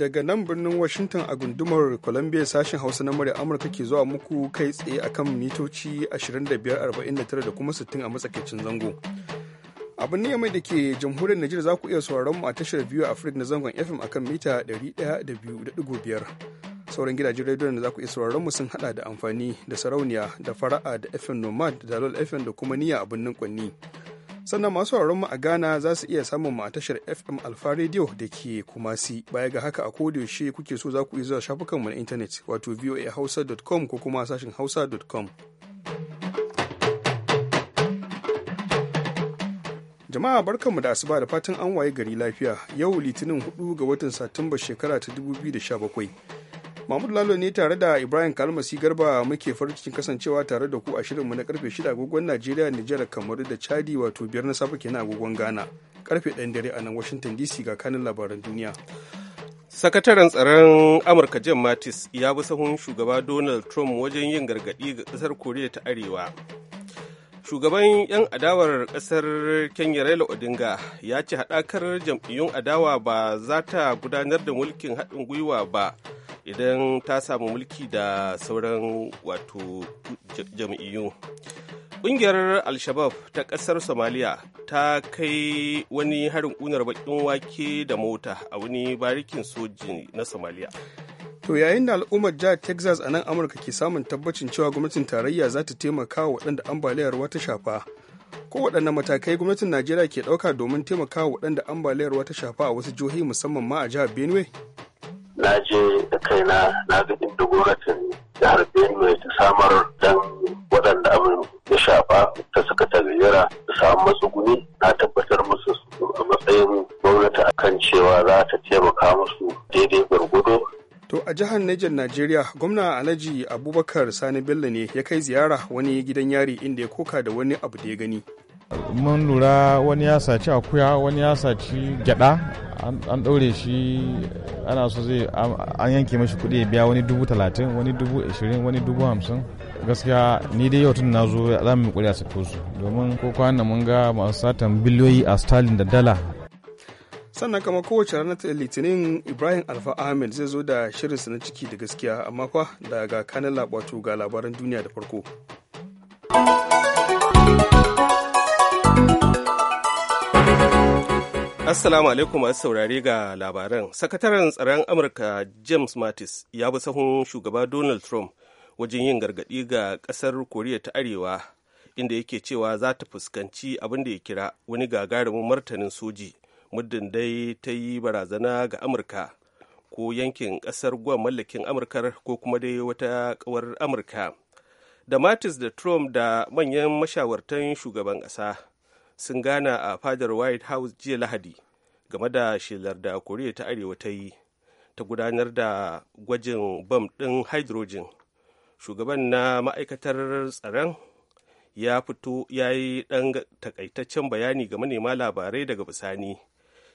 daga nan birnin Washington a gundumar Columbia sashen Hausa na murya Amurka ke zuwa muku kai tsaye akan mitoci 2549 da kuma 60 a matsakaicin zango. Abu ne mai da ke jamhuriyar Najeriya za ku iya sauraron mu a tashar biyu a Afirka na zangon FM akan mita 102.5. Sauran gidajen rediyon da za ku iya sauraron mu sun hada da amfani da sarauniya da fara'a da FM Nomad da Dalol FM da kuma niyya a birnin Kwanni. sannan masu mu a Ghana za su iya samun mu a tashar FM Alfa Radio da ke Kumasi. Baya ga haka a yaushe kuke so za ku iya zuwa shafukanmu na intanet wato voahausa.com ko kuma sashin hausa.com. Jama'a barkanmu da asuba da fatan an waye gari lafiya yau litinin 4 ga watan Satumba shekara ta 2017. Mahmud Lalo ne tare da Ibrahim Kalmasi Garba muke farin cikin kasancewa tare da ku a shirinmu na karfe 6 agogon Najeriya, Nijar, Kamaru da Chadi wato biyar na safe kenan agogon Ghana. Karfe 1 dare a nan Washington DC ga kanin labaran duniya. Sakataren tsaron Amurka Jim Mattis ya bi sahun shugaba Donald Trump wajen yin gargaɗi ga ƙasar Koriya ta Arewa. shugaban 'yan adawar ƙasar kenya raila odinga ya ce haɗakar jam'iyyun adawa ba za ta gudanar da mulkin haɗin gwiwa ba idan ta samu mulki da sauran wato jam'iyyu ƙungiyar al-shabab ta ƙasar somaliya ta kai wani harin ƙunar baƙin wake da mota a wani barikin soji na somaliya to yayin da al'ummar jihar texas a nan amurka ke samun tabbacin cewa gwamnatin tarayya za ta taimaka wa waɗanda ambaliyar ruwa ta shafa ko waɗanne matakai gwamnatin najeriya ke ɗauka domin taimaka wa waɗanda ambaliyar ruwa ta shafa a wasu jihohi musamman ma a jihar benue na je da kaina na ga inda gwamnatin jihar benue ta samar dan waɗanda abin ya shafa ta saka tagayyara ta samu matsuguni na tabbatar musu a matsayin gwamnati kan cewa za ta taimaka musu daidai gwargwado To a jihar Niger Najeriya gwamna Alhaji Abubakar Sani Bello ne ya kai ziyara wani gidan yari inda ya koka da wani abu da ya gani. mun lura wani ya saci akuya wani ya saci gyada an ɗaure shi ana so zai an yanke mashi kuɗi ya biya wani dubu talatin wani dubu ashirin wani dubu hamsin gaskiya ni dai yau tun na zo za mu kuri a sako su domin ko kwanan mun ga masu satan biliyoyi a stalin da dala sannan kama kowace ranar ta litinin ibrahim alfa ahmed zai zo da shirinsa na ciki da gaskiya amma kwa daga kanin labatu ga labaran duniya da farko Assalamu alaikum masu saurare ga labaran. Sakataren tsaron Amurka James Mattis ya bi sahun shugaba Donald Trump wajen yin gargaɗi ga ƙasar Koriya ta Arewa inda yake cewa za ta fuskanci abin da ya kira wani gagarumin martanin soji muddin dai ta yi barazana ga Amurka ko yankin ƙasar guwa mallakin amurka ko kuma dai wata ƙawar Amurka. Da Mattis da Trump da manyan mashawartan shugaban ƙasa sun gana a fadar white house jiya lahadi game da shelar da koriya ta arewa ta yi ta gudanar da gwajin bam ɗin hydrogen shugaban na ma'aikatar tsaron ya fito ya yi ɗan takaitaccen bayani ga manema labarai daga bisani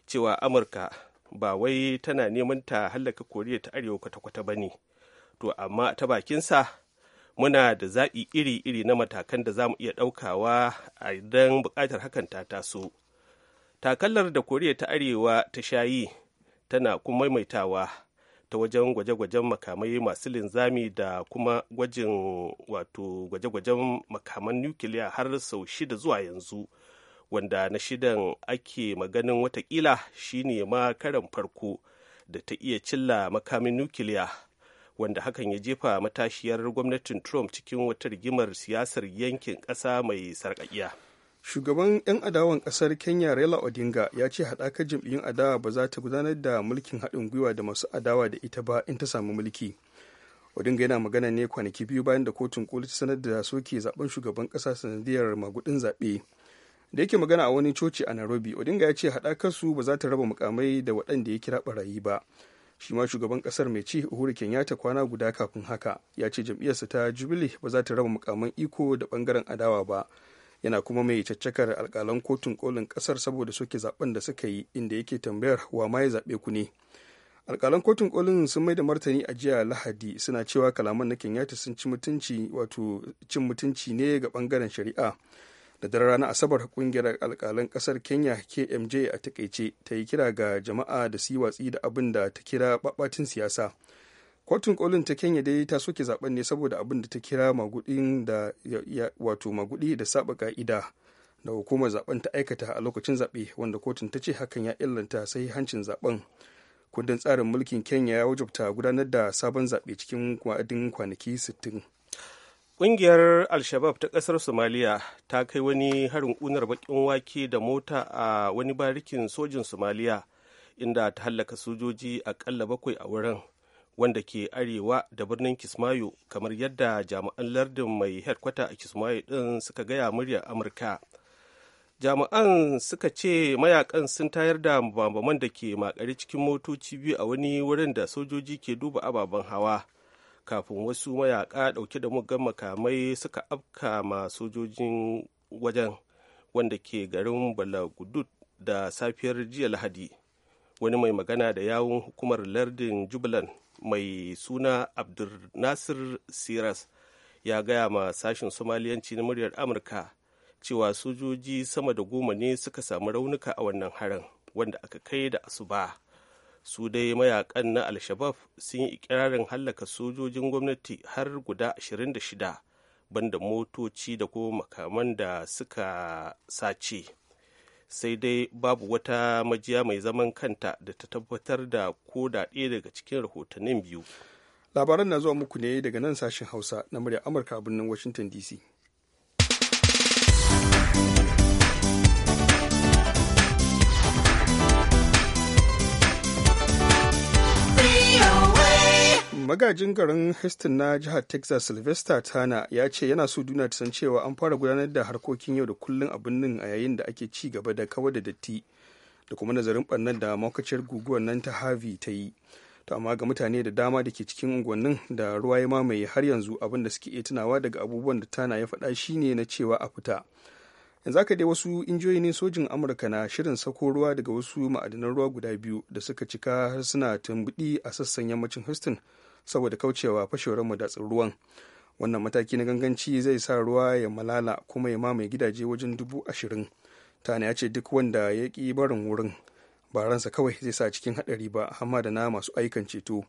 cewa amurka ba wai tana neman ta hallaka koriya ta arewa kwata-kwata ba ne to amma ta bakinsa muna da zaɓi iri-iri na matakan da za mu iya ɗaukawa idan buƙatar hakan ta taso takallar da koriya ta arewa ta shayi tana kuma maimaitawa ta wajen gwaje-gwajen makamai masu linzami da kuma gwajin wato gwaje-gwajen makaman nukiliya har sau shida zuwa yanzu wanda na shidan ake maganin watakila shine ma karan farko da ta iya cilla makamin nukiliya wanda hakan ya jefa matashiyar gwamnatin trump cikin wata rigimar siyasar yankin ƙasa mai sarƙaƙiya shugaban 'yan adawan ƙasar kenya raila odinga ya ce haɗakar jam'iyyun adawa ba za ta gudanar da mulkin haɗin gwiwa da masu adawa da ita ba in ta samu mulki odinga yana magana ne kwanaki biyu bayan da kotun koli ta sanar da soke zaben shugaban ƙasa sanadiyar magudin zaɓe da yake magana a wani coci a nairobi odinga ya ce haɗakar su ba za ta raba mukamai da waɗanda ya kira ɓarayi ba shi ma shugaban kasar mai ci uhuru kenyatta kwana guda kafin haka ya ce jam'iyyarsa ta jubilee ba za ta raba mukaman iko da bangaren adawa ba yana kuma mai caccakar alkalan kotun kolin kasar saboda soke zaben da suka yi inda yake tambayar wa ma ya zaɓe ku ne alkalan kotun kolin sun mai da martani a jiya lahadi suna cewa kalaman na kenyatta sun ci mutunci wato cin mutunci ne ga bangaren shari'a da daren ranar asabar kungiyar alkalan kasar kenya kmj a takaice ta yi kira ga jama'a da su yi watsi da abin da ta kira babatin siyasa kotun kolin ta kenya dai ta soke zaben ne saboda abin da ta kira magudin da wato magudi da saba ka'ida da hukumar zaben ta aikata a lokacin zaɓe wanda kotun ta ce hakan ya illanta sai hancin zaben kundin tsarin mulkin kenya ya wajabta gudanar da sabon zaɓe cikin wa'adin kwanaki 60 Ƙungiyar Alshabab ta ƙasar Somaliya ta kai wani harin ƙunar baƙin wake da mota a wani barikin sojin Somaliya inda ta hallaka sojoji aƙalla bakwai a wurin wanda ke arewa da birnin Kismayo kamar yadda jami'an lardin mai headkwata a Kismayo ɗin suka gaya murya Amurka. Jami'an suka ce mayakan sun tayar da bambaman da ke makare cikin motoci biyu a wani wurin da sojoji ke duba ababen hawa. kafin wasu mayaka dauke da muggan makamai suka afka ma sojojin wajen wanda ke garin balagudud da safiyar jiya lahadi wani mai magana da yawun hukumar lardin jubilan mai suna abdul nasir siras ya gaya ma sashen somaliyanci na muryar amurka cewa sojoji sama da goma ne suka samu raunuka a wannan harin wanda aka kai da asuba su dai mayakan na al-shabab sun yi ikirarin hallaka sojojin gwamnati har guda 26 banda motoci da ko makaman da suka sace sai dai babu wata majiya mai zaman kanta da ta tabbatar da ko da ɗaya daga cikin rahotannin biyu labaran na zuwa muku ne daga nan sashen hausa na murya amurka a birnin washington dc magajin garin Houston na jihar Texas Sylvester Tana ya ce yana so duna ta san cewa an fara gudanar da harkokin yau da kullun a birnin a yayin da ake ci gaba da kawar da datti da kuma nazarin barnar da maukaciyar guguwar nan ta Harvey ta yi. To amma ga mutane da dama da ke cikin unguwannin da ruwa ya mamaye har yanzu abin da suke iya tunawa daga abubuwan da Tana ya faɗa shine na cewa a fita. yanzu aka dai wasu injiyoyin sojin amurka na shirin sako ruwa daga wasu ma'adanan ruwa guda biyu da suka cika har suna tumbuɗi a sassan yammacin houston saboda kaucewa fashewar madatsin ruwan wannan mataki na ganganci zai sa ruwa ya malala kuma ya mamaye gidaje wajen dubu ashirin tana ya ce duk wanda ya ƙi barin wurin ba ransa kawai zai sa cikin haɗari ba amma da na masu aikan ceto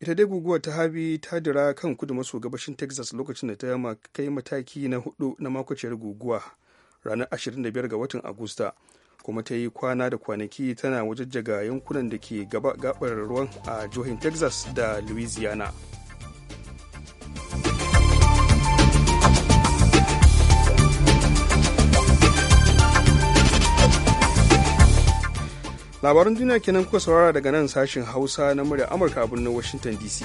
ita dai guguwar ta habi ta dira kan kudu maso gabashin texas lokacin da ta kai mataki na hudu na makwaciyar guguwa ranar 25 ga watan agusta kuma ta yi kwana da kwanaki tana wajajjaga yankunan da ke gabar ruwan a jihohin texas da louisiana labaran duniya kenan kuka saurara daga nan sashen hausa na murya amurka a birnin washington dc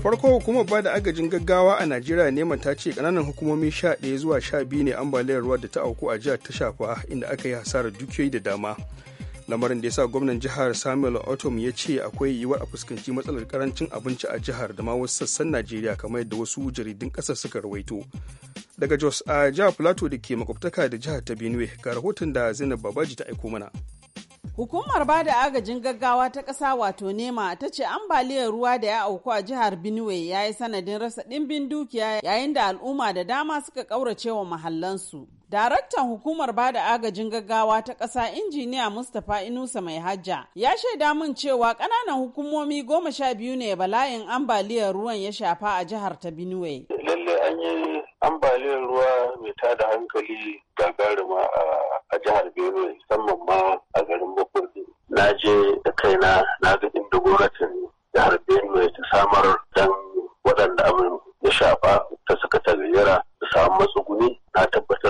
da farko hukumar ba da agajin gaggawa a najeriya neman ta ce kananan hukumomi 11 zuwa sha biyu ne ambaliyar ruwa da ta auku a jihar ta shafa inda aka yi hasarar dukiyoyi da dama lamarin da ya sa gwamnan jihar samuel otom ya ce akwai yiwuwar a fuskanci matsalar karancin abinci a jihar da ma wasu sassan najeriya kamar yadda wasu jaridun kasar suka rawaito daga jos a jihar plateau da ke makwabtaka da jihar ta benue ga rahoton da zainab babaji ta aiko mana Hukumar ba da agajin gaggawa ta ƙasa wato nema ta ce ambaliyar ruwa da ya auku a jihar Benue ya yi sanadin rasa ɗimbin dukiya yayin da al'umma da dama suka ƙaurace wa mahallansu. Daraktan hukumar bada agajin gaggawa ta ƙasa injiniya Mustapha Inusa mai hajja ya shaida min cewa ƙananan hukumomi goma sha biyu ne bala'in ambaliyar ruwan ya shafa a jihar ta Benue. Lalle an yi ambaliyar ruwa mai tada hankali gagarima a jihar Benue musamman ma a garin Makurdi. Na je da kaina na ga inda gwamnatin jihar Benue ta samar dan waɗanda abin ya shafa ta suka tagayyara su samu matsuguni na tabbatar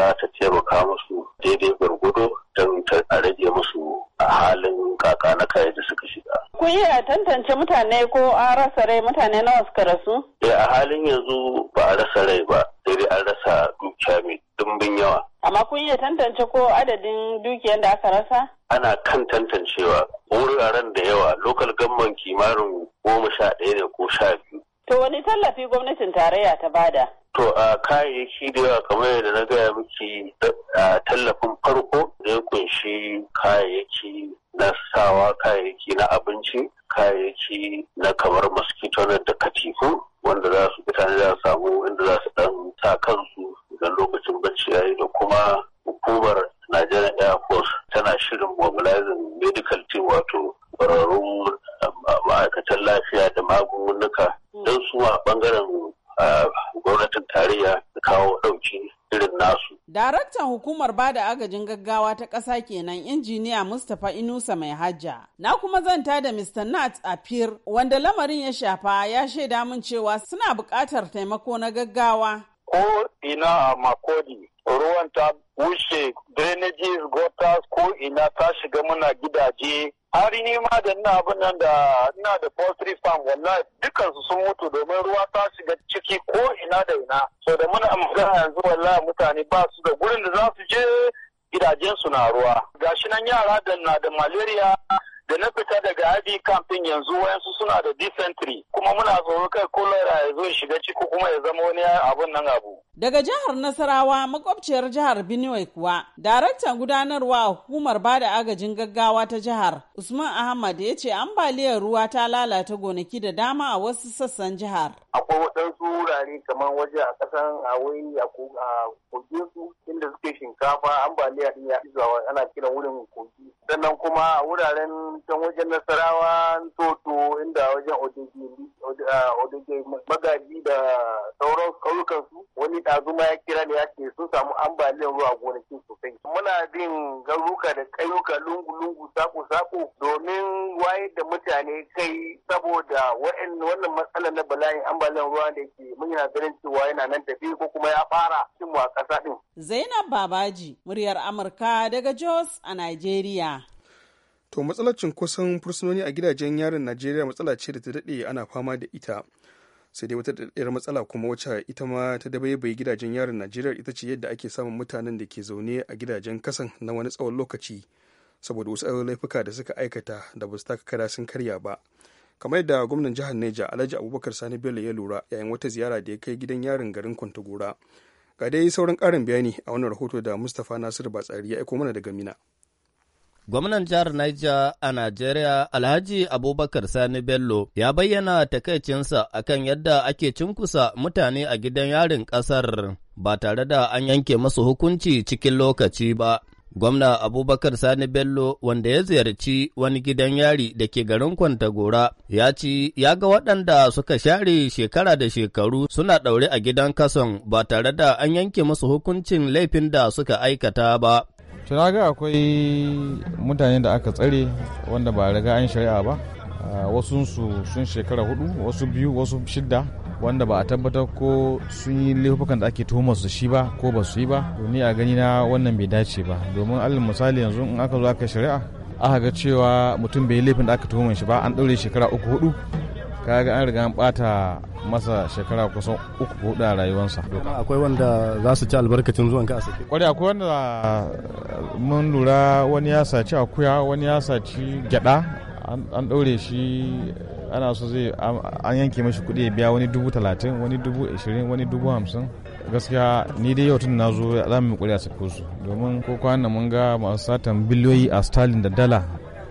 za ta taimaka musu daidai gwargwado don ta rage musu a halin kaka na kayan da suka shiga. Ku iya tantance mutane ko an rasa rai mutane nawa suka rasu? Eh a halin yanzu ba a rasa rai ba, sai dai an rasa dukiya mai dimbin yawa. Amma kun iya tantance ko adadin dukiyar da aka rasa? Ana kan tantancewa wuraren da yawa lokal gamman kimanin goma sha ɗaya ne ko sha biyu. To wani tallafi gwamnatin tarayya ta bada? To a kayayyaki da yawa kamar yadda na gaya miki tallafin farko da ya kunshi kayayyaki na sawa kayayyaki na abinci kayayyaki na kamar mosquito da katifu wanda za su mutane za su samu inda za su dan sa kansu idan lokacin bacci yi. da kuma hukumar Nigerian Air Force tana shirin mobilizing medical team wato kwararrun ma'aikatan lafiya da magungunuka don su a bangaren gwamnatin tarayya da kawo dauki irin nasu. Daraktan hukumar bada agajin gaggawa ta ƙasa kenan injiniya Mustapha Inusa mai hajja. Na kuma zanta da Mr. Nat Apir wanda lamarin ya shafa ya shaida min cewa suna buƙatar taimako na gaggawa. Ko ina a Makodi ruwan ta wuce drainages, gutters ko ina ta shiga muna gidaje Hari ni ma da ina abin nan da ina da poultry farm wallahi dukkan sun mutu domin ruwa ta shiga ciki ko ina da ina so da muna magana yanzu wallahi mutane ba su da gurin da za su je gidajen su na ruwa gashi nan yara da na da malaria da na fita daga ID camping yanzu wayansu suna da dysentery kuma muna tsoro kai cholera ya zo shiga ciki kuma ya zama wani abun nan abu. Daga jihar Nasarawa makwabciyar jihar Benue kuwa daraktan gudanarwa a hukumar bada agajin gaggawa ta jihar Usman Ahmad ya ce ambaliyar ruwa ta lalata gonaki da dama a wasu sassan jihar. Akwai waɗansu wurare kamar waje a ƙasan Hawaii a kogin su inda suke shinkafa ambaliya din ya ana kiran wurin kogi sannan kuma a wuraren can wajen nasarawa toto inda wajen odege eh, magaji da sauran kauyukan su wani ɗazuma ya kira ne ya ce sun samu ambaliyar ruwa gonakin sosai muna bin garuka da kayuka lungu-lungu sako-sako domin wayar da mutane kai saboda wannan matsalar na bala'in ambaliyar ruwa da ke mun yana ganin cewa yana nan tafi ko kuma ya fara cin a ƙasa ɗin. Zainab Babaji, muryar Amurka daga Jos a Najeriya. To matsalar cunkoson fursunoni a gidajen yarin Najeriya matsala ce da ta daɗe ana fama da ita. Sai dai wata daɗaɗɗiyar matsala kuma wacce ita ma ta dabaibaye gidajen yarin Najeriya ita ce yadda ake samun mutanen da ke zaune a gidajen kasan na wani tsawon lokaci saboda wasu laifuka da suka aikata da ba su taka kara sun karya ba. Kamar yadda gwamnan jihar Neja Alhaji Abubakar Sani Bello ya lura yayin wata ziyara da ya kai gidan yarin garin Kwantagora. Ga dai sauran karin bayani a wannan rahoto da Mustapha Nasiru Batsari ya aiko mana daga Mina. Gwamnan jihar Niger a Najeriya Alhaji Abubakar Sani Bello ya bayyana takaicinsa akan yadda ake cinkusa mutane a gidan yarin ƙasar ba tare da an yanke masu hukunci cikin lokaci ba. Gwamna Abubakar Sani Bello wanda ya ziyarci wani gidan yari da ke garin Kwantagora ya ci ya ga waɗanda suka share shekara da shekaru suna ɗaure a gidan kason ba tare da an yanke musu hukuncin laifin da suka aikata ba. tuna ga akwai mutane da aka tsare wanda ba riga an shari'a ba ah, wasu sun shekara hudu wasu biyu wasu shidda wanda ba a tabbatar ko sun yi laifukan da ake tuhumar su shi ba ko ba su yi ba to ni a gani na wannan bai dace ba domin allin misali yanzu in aka zo aka shari'a aka ga cewa mutum bai yi laifin da aka tuhumar shi ba an ɗaure shekara uku hudu kaga an riga an bata masa shekara kusan uku ko hudu a rayuwarsa akwai wanda za su ci albarkacin zuwan ka a sake Kwari akwai wanda ah, mun lura wani ya saci akuya wani ya saci gyada an ɗaure shi ana so zai an yanke mashi kuɗi biya wani dubu talatin wani dubu ashirin wani dubu hamsin gaskiya ni dai yau tun na zo za mu yi a su domin ko kwanan mun ga masu satan biliyoyi a stalin da dala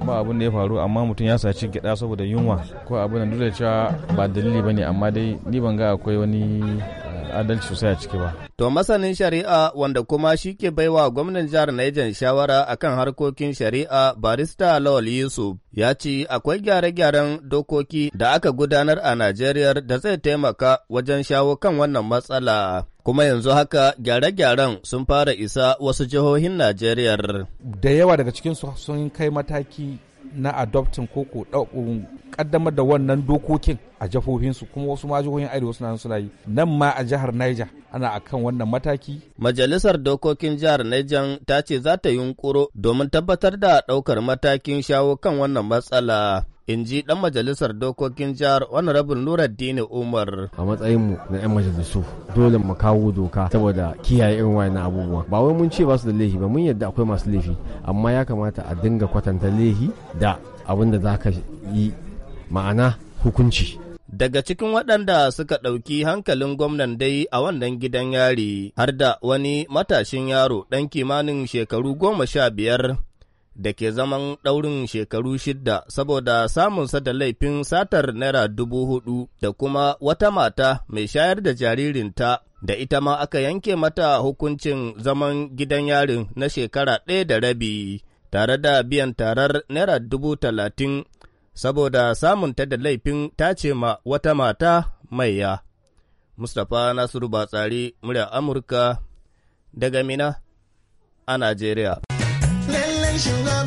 ba abin da ya faru amma mutum ya saci gyaɗa saboda yunwa ko abin da duk da cewa ba dalili bane amma dai ni ban ga akwai wani eh, adalci sosai a ciki ba. To masanin shari'a wanda kuma shi ke baiwa gwamnan jihar Niger shawara akan harkokin shari'a barista Lawal Yusuf ya ce akwai gyare-gyaren dokoki da aka gudanar a Najeriya da zai taimaka wajen shawo kan wannan matsala. kuma yanzu haka gyare-gyaren sun fara isa wasu jihohin Najeriya. Da yawa daga cikin su sun kai mataki na adoptin ko ko kaddamar um, da wannan dokokin a jihohinsu kuma wasu ma jihohin arewa suna suna yi nan ma a jihar Niger ana akan wannan mataki. Majalisar dokokin jihar Niger ta ce za ta yunkuro domin tabbatar da ɗaukar matakin shawo kan wannan matsala in ji ɗan majalisar dokokin jihar honorable nuruddin umar a matsayin mu na 'yan majalisu dole mu kawo doka saboda kiyaye irin na abubuwa ba wai mun ce ba su da laifi ba mun yadda akwai masu laifi amma ya kamata a dinga kwatanta laifi da abin da za ka yi ma'ana hukunci Daga cikin waɗanda suka ɗauki hankalin gwamnan dai a wannan gidan yari, har da wani matashin yaro ɗan kimanin shekaru goma sha biyar da ke zaman ɗaurin shekaru shidda saboda samunsa da laifin satar naira dubu hudu da kuma wata mata mai shayar da jaririnta da ita ma aka yanke mata hukuncin zaman gidan yarin na shekara ɗaya da rabi tare da biyan tarar naira dubu talatin saboda samunta da laifin tace ma wata mata maiya. Mustapha Nasiru Batsari, murya Amurka, daga Mina a Najeriya. you know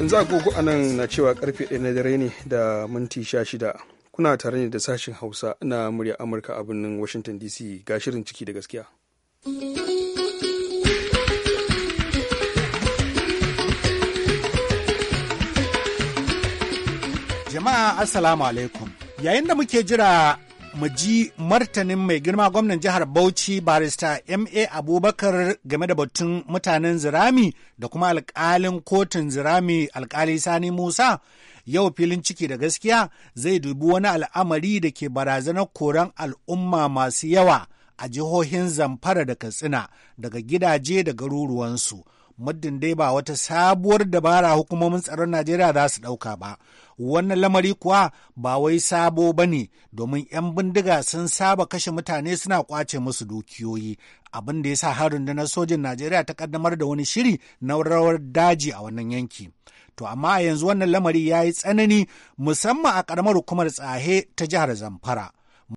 yanzu agogo a nan na cewa karfe 1 na dare ne da minti 16 kuna tare ne da sashen hausa na murya amurka a birnin washington dc ga shirin ciki da gaskiya jama'a assalamu alaikum yayin da muke jira mu ji martanin mai girma gwamnan jihar Bauchi barista MA Abubakar game da batun mutanen Zirami da kuma alkalin kotun Zirami alkali Sani Musa yau filin ciki da gaskiya zai dubi wani al'amari da ke barazanar koran al'umma masu yawa a jihohin Zamfara da Katsina daga gidaje da garuruwansu. muddin dai ba wata sabuwar dabara hukumomin tsaron Najeriya za su ɗauka ba. Wannan lamari kuwa ba wai sabo ba ne domin 'yan bindiga sun saba kashe mutane suna kwace musu dukiyoyi. Abin da ya sa har rundunar sojin Najeriya ta kaddamar da wani shiri na rawar daji a wannan yanki. To amma yanzu wannan lamari ya yi tsanani musamman a ƙaramar hukumar tsahe ta jihar Zamfara.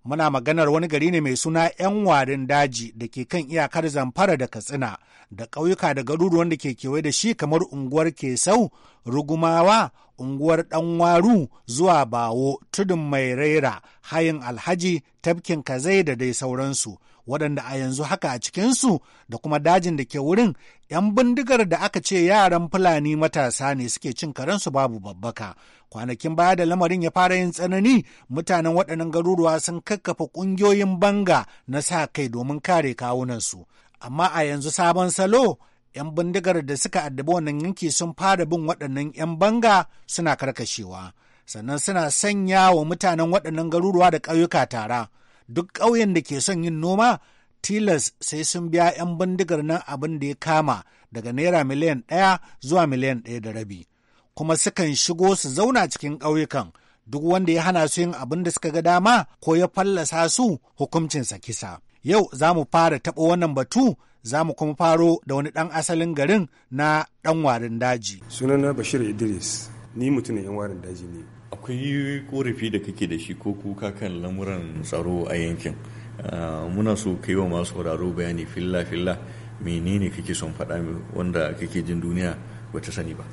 Muna maganar wani gari ne mai suna 'yan warin daji da ke kan iyakar zamfara da katsina da ƙauyuka da garuruwan da ke kewaye da shi kamar unguwar Kesau, Rugumawa, unguwar Ɗanwaru zuwa Bawo, Tudun Mai Raira, Hayin Alhaji, Tafkin Kazai da dai sauransu. waɗanda a yanzu haka a cikinsu da kuma dajin da ke wurin 'yan bindigar da aka ce yaran fulani matasa ne suke cin karensu babu babbaka kwanakin baya da lamarin ya fara yin tsanani mutanen waɗannan garuruwa sun kakkafa ƙungiyoyin banga na sa kai domin kare kawunansu amma a yanzu sabon salo 'yan bindigar da suka addabi wannan yanki sun fara bin waɗannan 'yan banga suna karkashewa sannan suna sanya wa mutanen waɗannan garuruwa da ƙauyuka tara duk ƙauyen da ke son yin noma tilas sai sun biya 'yan bindigar nan abin da ya kama daga naira miliyan ɗaya zuwa miliyan ɗaya da rabi kuma sukan shigo su zauna cikin ƙauyukan duk wanda ya hana su yin abin da suka ga dama ko ya fallasa su hukuncinsa kisa yau za mu fara taɓa wannan batu za mu kuma faro da wani ɗan asalin garin na ɗan warin daji sunana bashir idris ni mutumin yan warin daji ne akwai korafi da kake da shi ko kuka kan lamuran tsaro a yankin ah, muna so kai wa masu sauraro bayani filla filla menene kake son faɗa wanda kake jin duniya bata sani ba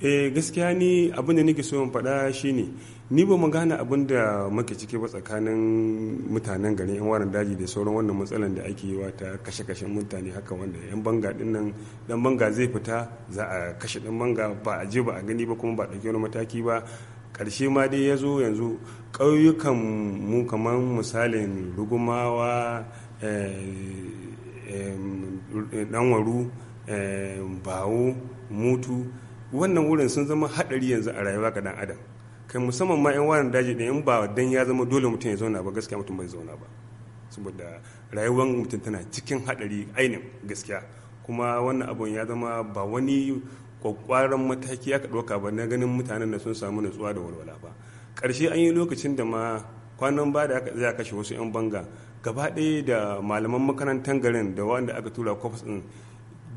eh gaskiya ni abin da nake so in faɗa shine ni ba mu gane abin da muke ciki ba tsakanin mutanen garin yan waran daji da sauran wannan matsalan da ake yi wa ta kashe-kashen mutane haka wanda yan banga din nan dan banga zai fita za a kashe dan banga ba a je ba a gani ba kuma ba a wani mataki ba Karshe ma dai ya zo yanzu ƙauyukan mu kamar misalin rugumawa eh, ɗanwaru bawo mutu wannan wurin sun zama haɗari yanzu a rayuwa ga ɗan adam kai musamman ma 'yan warin daji da in ba dan ya zama dole mutum ya zauna ba gaskiya mutum bai zauna ba saboda rayuwar mutum tana cikin haɗari ainihin gaskiya kuma wannan abun ya zama ba wani kwakwaran mataki aka ɗauka ba na ganin mutanen da sun samu natsuwa da walwala ba ƙarshe an yi lokacin da ma kwanan ba da aka a kashe wasu 'yan banga gaba ɗaya da malaman makarantar garin da wanda aka tura kwafis ɗin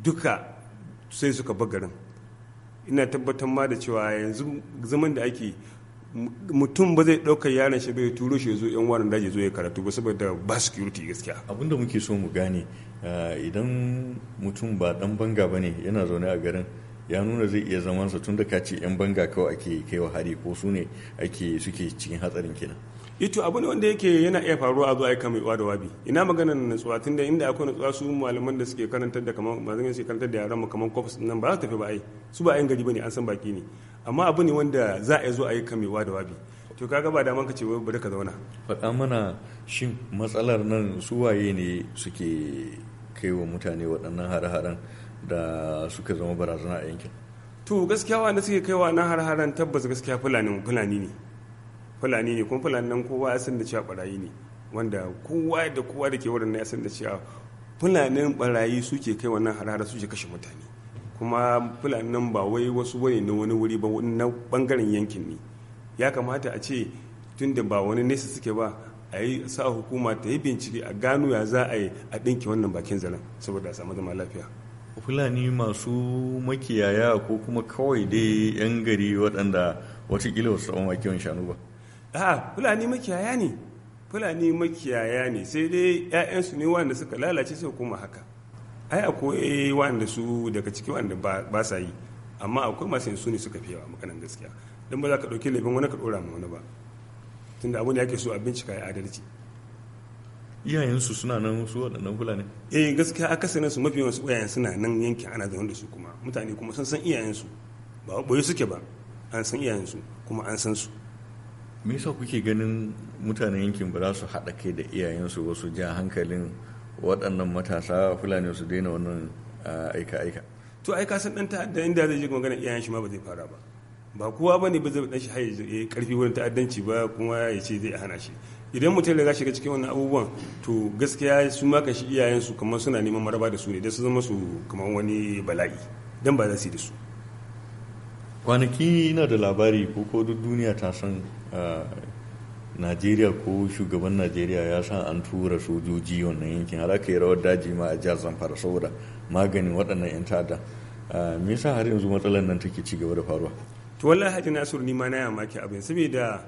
duka sai suka bar garin ina tabbatar ma da cewa yanzu zaman da ake mutum ba zai ɗauka yaron shi bai turo shi zo yan wani daji zo ya karatu ba saboda ba security gaskiya abin da muke so mu gane eh, idan mutum ba dan banga ba ne yana zaune a garin ya nuna zai iya zamansa tun da ka ce 'yan banga kawai ake kai wa hari ko su ne ake suke cikin hatsarin kenan ito eh abu ne wanda yake yana iya faruwa a zuwa aika mai uwa da wabi ina maganar natsuwa tun da inda akwai natsuwa su malaman da suke karantar da kamar ba zan karantar da yaran mu kamar kofis nan ba za su tafi ba ai su ba yan gari bane an san baki ne amma abu ne wanda za a zo aika mai uwa da wabi to kaga ba daman ka ce bari ka zauna faɗa mana shin matsalar nan su waye ne suke kai wa mutane waɗannan hare haran. da suka zama barazana a yankin to gaskiya wanda suke kaiwa na har-haren tabbas gaskiya fulani fulani ne fulani ne kuma fulani nan kowa ya san da cewa barayi ne wanda kowa da kowa da ke wurin ya san da cewa fulanin barayi suke kai wannan har-hara suke kashe mutane kuma fulanin nan ba wai wasu bane na wani wuri ba na bangaren yankin ne ya kamata a ce tunda ba wani nesa suke ba a yi sa hukuma ta yi bincike a gano ya za a yi a ɗinke wannan bakin zaren saboda a samu zama lafiya fulani masu makiyaya ko kuma kawai dai 'yan gari waɗanda watakila wasu tsawon makiyon shanu ba a fulani makiyaya ne fulani makiyaya ne sai dai 'ya'yansu ne wanda suka lalace sai kuma haka ai akwai wanda su daga ciki wanda ba sa yi amma akwai masu yin su ne suka fi yawa makanan gaskiya don ba za ka ɗauki laifin wani ka ɗora ma wani ba tunda abin da ake so a bincika ya adalci iyayensu suna nan su waɗannan fulani eh gaskiya akasarin su mafi wasu iyayen suna nan yankin ana zaune da su kuma mutane kuma san san iyayensu ba boye suke ba an san iyayensu kuma an san su me yasa kuke ganin mutanen yankin ba za su haɗa kai da iyayensu su ja hankalin waɗannan matasa fulani su daina wannan aika aika to aika san dan ta'adda inda zai je kuma ganin iyayen shi ma ba zai fara ba ba kowa bane ba zai dan shi haye karfi wurin ta'addanci ba kuma ya ce zai hana shi idan mutum ya shiga cikin wannan abubuwan to gaskiya su ma kashi iyayensu kamar suna neman maraba da su ne da su zama su kamar wani bala'i dan ba za su yi da su kwanaki na da labari ko ko duk duniya ta san ah, najeriya ko shugaban najeriya ya sa an tura sojoji wannan yankin har aka yi rawar daji ma a jihar zamfara saboda maganin waɗannan 'yan ta'adda ah, me yasa har yanzu matsalar nan take ci gaba da faruwa to wallahi hajji nasiru ni ma na yamaki abin saboda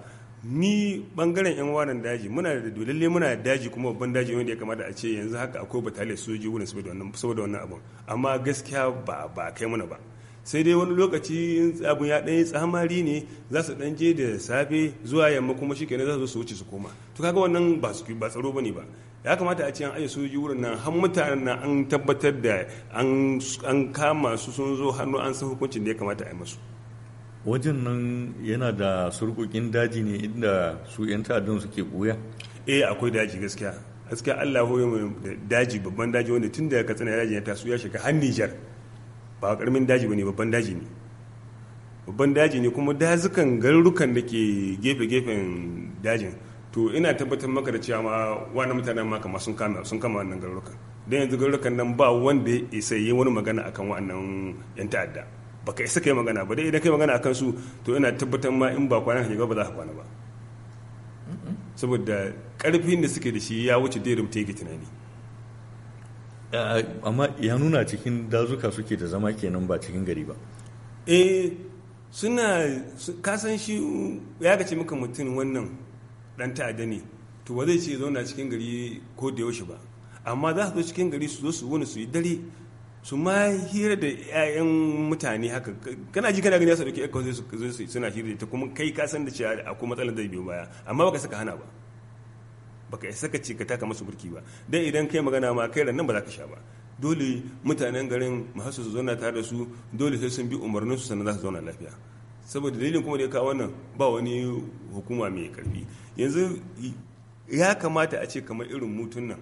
ni bangaren yan waran daji muna da dolalle muna da daji kuma babban daji wanda ya kamata a ce yanzu haka akwai bataliyar soji wurin saboda wannan saboda wannan abun amma gaskiya ba ba kai muna ba sai dai wani lokaci abun ya yi tsamari ne za su ɗan je da safe zuwa yamma kuma shi za su wuce su koma to kaga wannan ba su ba tsaro bane ba ya kamata a ce an aje soji wurin nan har mutanen nan an tabbatar da an kama su sun zo hannu an san hukuncin da ya kamata a yi musu wajen nan yana da surkukin daji ne inda su 'yan ta'addan suke buya eh akwai daji gaskiya gaskiya allah hoyo da daji babban daji wanda tun da katsina ya daji ya taso ya shiga har nijar ba karamin daji ba ne babban daji ne babban daji ne kuma dazukan garurukan da ke gefe-gefen dajin to ina tabbatar maka da cewa ma wani mutanen ma kama sun kama sun kama wannan garurukan don yanzu garurukan nan ba wanda ya isa yi wani magana akan wa'annan yan ta'adda baka isa kai magana ba dai idan kai magana akan su to ina tabbatar ma in ba kwana ka ba za ka kwana ba saboda karfin da suke da shi ya wuce dai rumta yake tunani amma ya nuna cikin dazuka suke da zama kenan ba cikin gari ba eh suna kasan shi ya gace maka mutum wannan dan ta'adda ne to ba zai ce zauna cikin gari ko da yaushe ba amma za su zo cikin gari su zo su wani su yi dare su ma hira da 'ya'yan mutane haka kana ji kana gani ya sadauki yakka zai suna hira da ta kuma kai ka san da cewa akwai matsalar zai biyo baya amma baka saka hana ba baka isa ka ce ka taka masu burki ba dan idan kai magana ma kai ran nan ba za ka sha ba dole mutanen garin mahasu su zauna tare da su dole sai sun bi umarnin su sannan za su zauna lafiya saboda dalilin kuma da ya kawo wannan ba wani hukuma mai karfi yanzu ya kamata a ce kamar irin mutun nan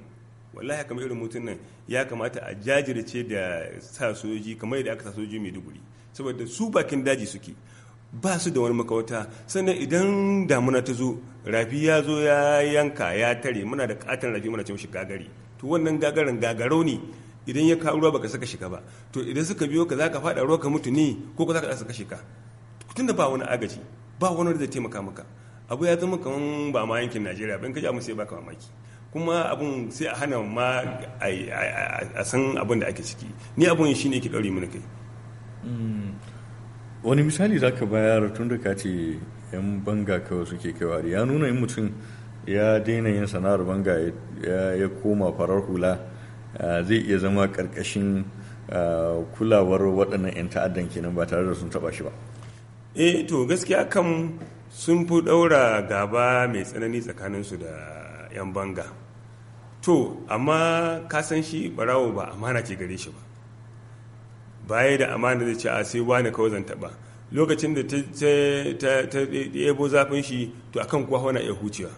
wallahi kamar irin mutum nan ya kamata a jajirce da sa sojoji kamar yadda aka sa mai duburi saboda su bakin daji suke ba su da wani makawata sannan idan damuna ta zo rafi ya zo ya yanka ya tare muna da katon rafi muna ce mashi gagari to wannan gagarin gagaro ne idan ya kawo ruwa baka saka shiga ba to idan suka biyo ka zaka fada ruwa ka mutu ne ko ka zaka saka shiga tunda ba wani agaji ba wani da zai taimaka maka abu ya zama kaman ba ma yankin Najeriya ba in ka ji amma sai baka mamaki kuma abun sai a hana ma a san abin da ake ciki ni abun shi ne ke ɗauri mana kai hmm. wani misali za ka bayar tun da ka ce 'yan banga kawai suke kaiwa ya nuna yin mutum ya daina yin sana'ar banga ya koma farar hula zai iya zama karkashin kulawar waɗannan 'yan ta'addan kenan ba tare da sun taɓa shi ba eh to gaskiya kan sun fi ɗaura gaba mai tsanani tsakaninsu da 'yan banga to amma ka san shi barawo ba amana ke gare shi ba baya da amana zai ce a sai wani kawai zan ba, lokacin da ta ɗebo zafin shi to akan kuwa wana iya hucewa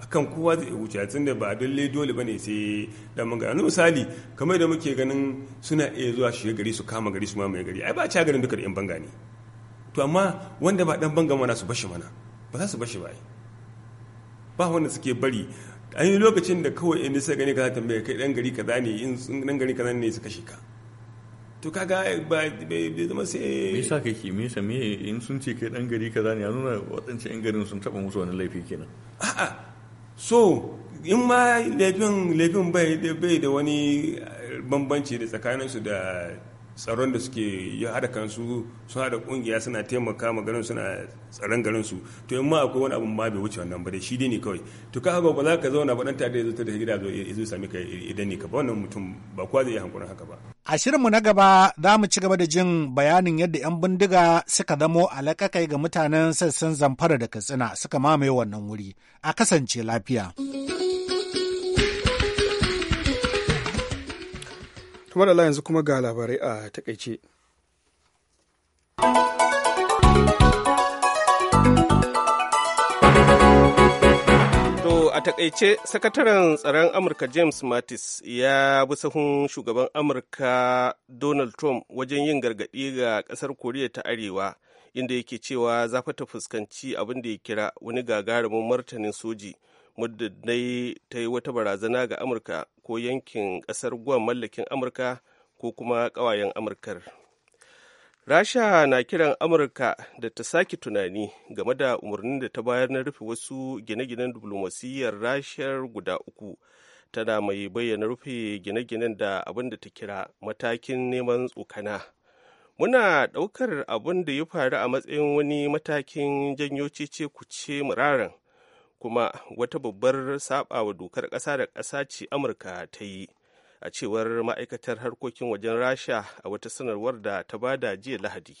akan kowa zai iya wuce da ba dalle dole bane sai dan wani misali kamar da muke ganin suna iya zuwa shi gari su kama gari su mamaye gari ai ba a garin duka da yan banga ne to amma wanda ba dan banga mana su bashi mana ba za su bashi ba ai ba wanda suke bari an yi lokacin da kawai inda sai gani ka tambaye kai dan gari kaza ne in dan gari kaza ne suka shika to kaga ba bai zama sai me yasa kake me yasa me in sun ce kai dan gari kaza ne ya nuna wadancan yan garin sun taba musu wani laifi kenan a'a so in ma laifin laifin bai da wani bambanci da tsakaninsu da tsaron da suke ya hada kansu sun hada kungiya suna taimaka ma garin suna tsaron garin su to in ma akwai wani abun ma bai wuce wannan ba dai shi dai ne kawai to ka haka ba za ka zauna ba dan tare da zai da gida zo sami ka idan ne ka ba wannan mutum ba kwa zai yi hankurin haka ba a shirinmu na gaba za mu ci gaba da jin bayanin yadda 'yan bindiga suka zamo alakakai ga mutanen sassan zamfara da katsina suka mamaye wannan wuri a kasance lafiya. kamar Allah yanzu kuma ga labarai a takaice. To a takaice sakataren tsaron Amurka James Mattis ya bi sahun shugaban Amurka Donald Trump wajen yin gargaɗi ga ƙasar Koriya ta Arewa inda yake cewa za ta fuskanci abin da ya kira wani gagarumin martanin soji. muddin ta yi wata barazana ga amurka ko yankin ƙasar guam mallakin amurka ko kuma ƙawayen amurkar rasha na kiran amurka da ta sake tunani game da umarnin da ta bayar na rufe wasu gine-ginen diplomasiyyar rashiyar guda uku tana mai bayyana rufe gine-ginen da abin da ta kira matakin neman tsokana muna ɗaukar abin da ya faru a matsayin wani matakin janyo cece ce muraren. kuma wata babbar saɓawa dokar ƙasa da ƙasa ce amurka ta yi a cewar ma'aikatar harkokin wajen rasha a wata sanarwar da ta bada jiya lahadi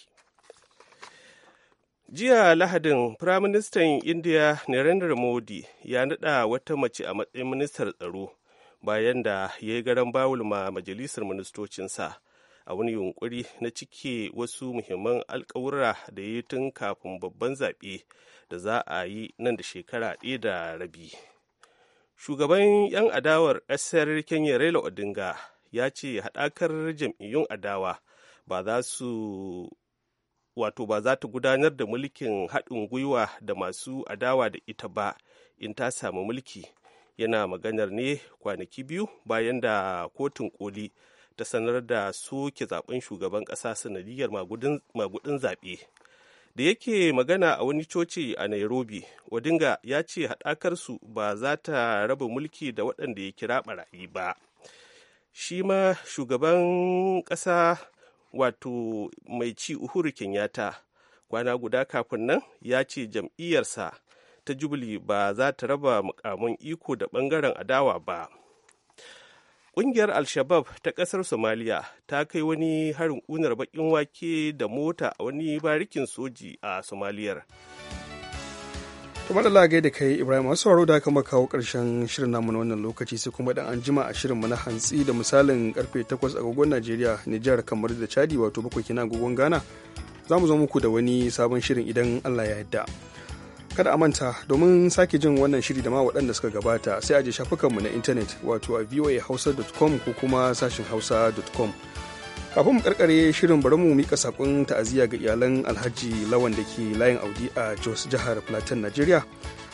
jiya lahadin firaministan indiya narendra modi ya naɗa wata mace a matsayin ministar tsaro bayan da ya yi garan bawul ma majalisar ministocinsa a wani yunkuri na cike wasu muhimman alkawura da ya yi tun kafin babban zaɓe da za a yi nan da shekara ɗaya da rabi shugaban 'yan adawar ƙasar kenya raila odinga ya ce haɗakar jam'iyyun adawa ba za su wato ba za ta gudanar da mulkin haɗin gwiwa da masu adawa da ita ba in ta samu mulki yana maganar ne kwanaki biyu bayan da kotun koli ta sanar da soke zaben shugaban ƙasa sanadiyar magudin zaɓe da yake magana a wani coci a nairobi odinga ya ce haɗakarsu ba za ta raba mulki da waɗanda ya kira barayi ba shi ma shugaban ƙasa wato mai ci uhuru kenyatta kwana guda kafin nan ya ce jam'iyyarsa ta jubili ba za ta raba mukamin iko da ɓangaren adawa ba Ƙungiyar Al-Shabab ta ƙasar Somalia ta kai wani harin unar bakin wake da mota a wani barikin soji a Somaliyar. tumar da lagai da kai Ibrahim masu sauraro da kama kawo ƙarshen shirin namu na wannan lokaci sai kuma dan an jima a shirin mu na hantsi da misalin karfe 8 agogon Najeriya, Nijar kamar da Chadi wato bakwai kina agogon Ghana. Za mu zo muku da wani sabon shirin idan Allah ya yadda. kada a manta domin sake jin wannan shiri da ma waɗanda suka gabata sai a je shafukanmu na intanet wato a voahausa.com ko kuma sashin hausa.com kafin mu karkare shirin bari mu mika sakon ta'aziyya ga iyalan alhaji lawan da ke layin audi a jos jihar plateau nigeria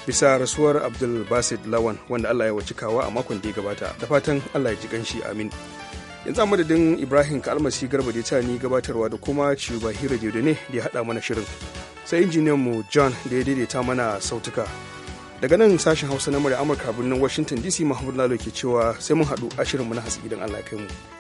bisa rasuwar abdul basid lawan wanda allah ya wuce kawa a makon da ya gabata da fatan allah ya ji ganshi amin yanzu a madadin ibrahim kalmasi garba da ta ni gabatarwa da kuma ciba hira ne da ya haɗa mana shirin sai mu john da ya daidaita mana sautuka daga nan sashen hausa na murya amurka birnin washington dc mahmud lalo ke cewa sai mun haɗu mu na hatsi idan allah kai mu